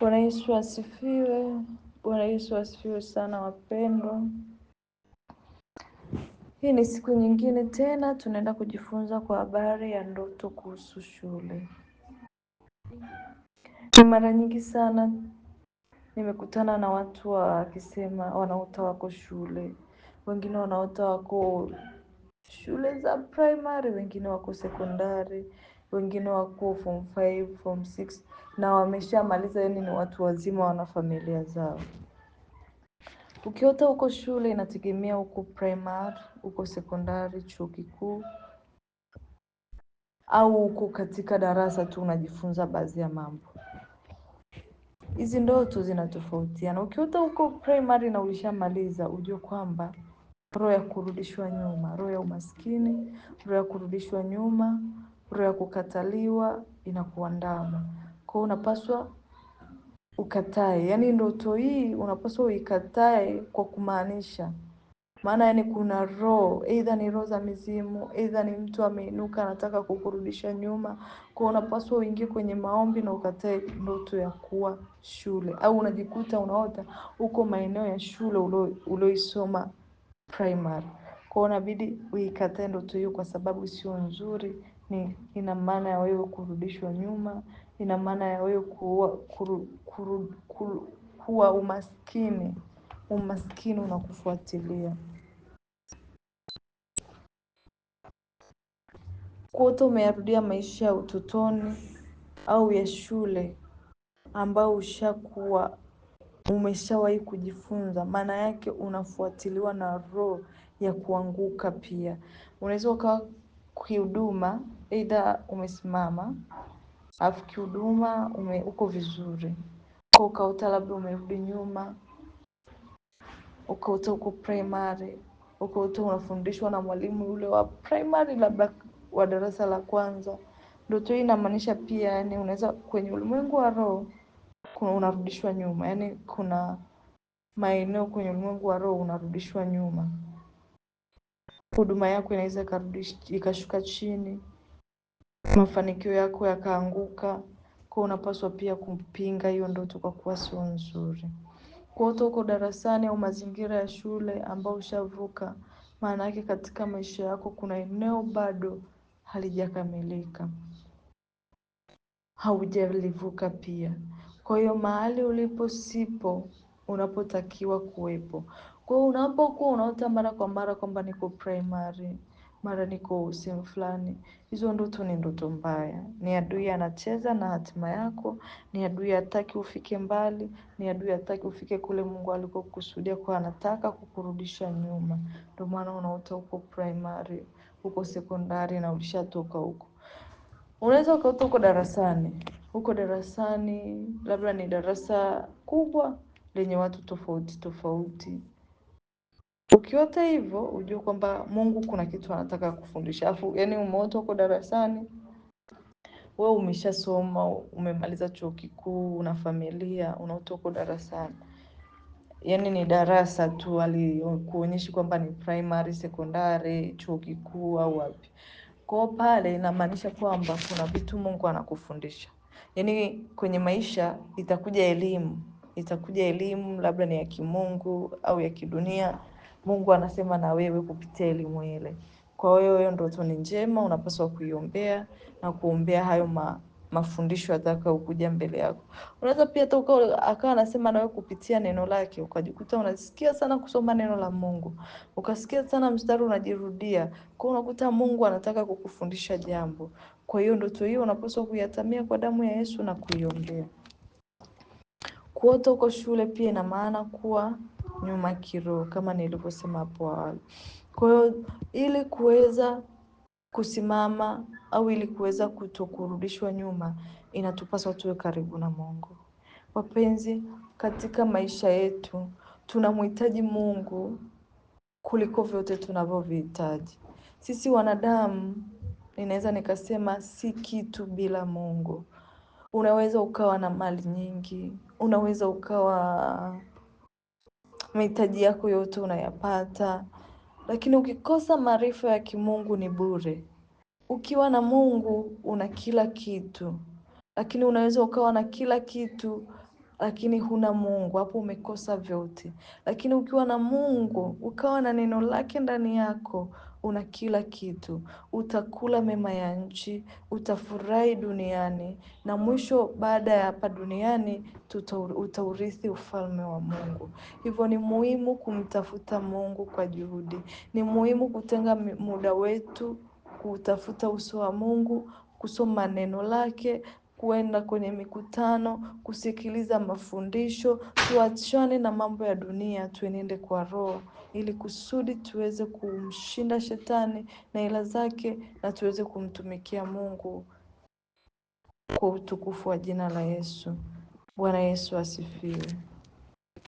Bwana Yesu asifiwe. Bwana Yesu asifiwe sana wapendwa. Hii ni siku nyingine tena tunaenda kujifunza kwa habari ya ndoto kuhusu shule. Ni mara nyingi sana nimekutana na watu wakisema wanaota wako shule, wengine wanaota wako shule za primary, wengine wako sekondari, wengine wako form 5, form 6 na wameshamaliza, yani ni watu wazima, wana familia zao. Ukiota huko shule inategemea huko primary, huko sekondari, chuo kikuu au huko katika darasa tu unajifunza baadhi ya mambo. Hizi ndoto zinatofautiana. Ukiota huko primary na ulishamaliza, ujue kwamba roho ya kurudishwa nyuma, roho ya umaskini, roho ya kurudishwa nyuma, roho ya kukataliwa inakuandama. Kwa hiyo unapaswa ukatae, Yani ndoto hii unapaswa uikatae kwa kumaanisha maana yani, kuna roho aidha ni roho za mizimu, aidha ni mtu ameinuka anataka kukurudisha nyuma. Kwa unapaswa uingie kwenye maombi na ukatae ndoto ya kuwa shule, au unajikuta unaota uko maeneo ya shule ulioisoma primary. Kwa unabidi uikatae ndoto hiyo, kwa sababu sio nzuri ni ina maana ya wewe kurudishwa nyuma, ina maana ya wewe kuwa, kuru, kuru, kuru, kuwa umaskini, umaskini unakufuatilia. Kuota umeyarudia maisha ya utotoni au ya shule ambayo ushakuwa umeshawahi kujifunza, maana yake unafuatiliwa na roho ya kuanguka pia. Unaweza ukawa kihuduma, aidha umesimama alafu kihuduma ume, uko vizuri, ukauta labda umerudi nyuma, ukauta uko primary, ukauta unafundishwa na mwalimu yule wa primary, labda wa darasa la kwanza. Ndoto hii inamaanisha pia, yani unaweza kwenye ulimwengu wa roho kuna unarudishwa nyuma, yani kuna maeneo kwenye ulimwengu wa roho unarudishwa nyuma huduma yako inaweza ikashuka chini, mafanikio yako yakaanguka. Kwa unapaswa pia kumpinga hiyo ndoto kwa kuwa sio nzuri. Kwa hiyo uko darasani au mazingira ya shule ambao ushavuka, maana yake katika maisha yako kuna eneo bado halijakamilika, haujalivuka pia. Kwa hiyo mahali ulipo sipo unapotakiwa kuwepo. Kwa hiyo unapokuwa unaota mara kwa mara kwamba niko primary, mara niko sehemu fulani, hizo ndoto ni ndoto mbaya. Ni adui anacheza na hatima yako, ni adui hataki ufike mbali, ni adui hataki ufike kule Mungu alikokusudia kwa anataka kukurudisha nyuma. Ndio maana unaota uko primary, uko sekondari na ulishatoka huko. Unaweza ukaota uko darasani, uko darasani labda ni darasa kubwa lenye watu tofauti tofauti, Ukiota hivyo ujue kwamba Mungu kuna kitu anataka kufundisha. alafu yani umeota uko darasani, we umeshasoma, umemaliza chuo kikuu, una familia, unaota uko darasani, yani ni darasa tu, alikuonyeshi kwamba ni primary, secondary chuo kikuu au wapi. Kwao pale inamaanisha kwamba kuna vitu Mungu anakufundisha, yaani kwenye maisha itakuja elimu, itakuja elimu labda ni ya kimungu au ya kidunia Mungu anasema na wewe kupitia elimu ile. Kwa hiyo hiyo ndoto ni njema, unapaswa kuiombea na kuombea hayo ma, mafundisho atakayokuja mbele yako. Unaweza pia hata akawa anasema wewe kupitia neno lake, ukajikuta unasikia sana kusoma neno la Mungu, ukasikia sana mstari unajirudia, kwa unakuta Mungu anataka kukufundisha jambo. Kwa hiyo ndoto hiyo unapaswa kuyatamia kwa damu ya Yesu na kuiombea. Kuota uko shule pia ina maana kuwa nyuma kiroho kama nilivyosema hapo awali. Kwa hiyo ili kuweza kusimama au ili kuweza kutokurudishwa nyuma, inatupaswa tuwe karibu na Mungu. Wapenzi, katika maisha yetu tunamhitaji Mungu kuliko vyote tunavyovihitaji. Sisi wanadamu, ninaweza nikasema si kitu bila Mungu. Unaweza ukawa na mali nyingi, unaweza ukawa mahitaji yako yote unayapata, lakini ukikosa maarifa ya kimungu ni bure. Ukiwa na Mungu una kila kitu, lakini unaweza ukawa na kila kitu lakini huna Mungu, hapo umekosa vyote. Lakini ukiwa na Mungu, ukawa na neno lake ndani yako, una kila kitu. Utakula mema ya nchi, utafurahi duniani, na mwisho baada ya hapa duniani utaurithi ufalme wa Mungu. Hivyo ni muhimu kumtafuta Mungu kwa juhudi, ni muhimu kutenga muda wetu kutafuta uso wa Mungu, kusoma neno lake, kuenda kwenye mikutano, kusikiliza mafundisho, tuachane na mambo ya dunia, tuenende kwa Roho ili kusudi tuweze kumshinda shetani na ila zake na tuweze kumtumikia Mungu kwa utukufu wa jina la Yesu. Bwana Yesu asifiwe.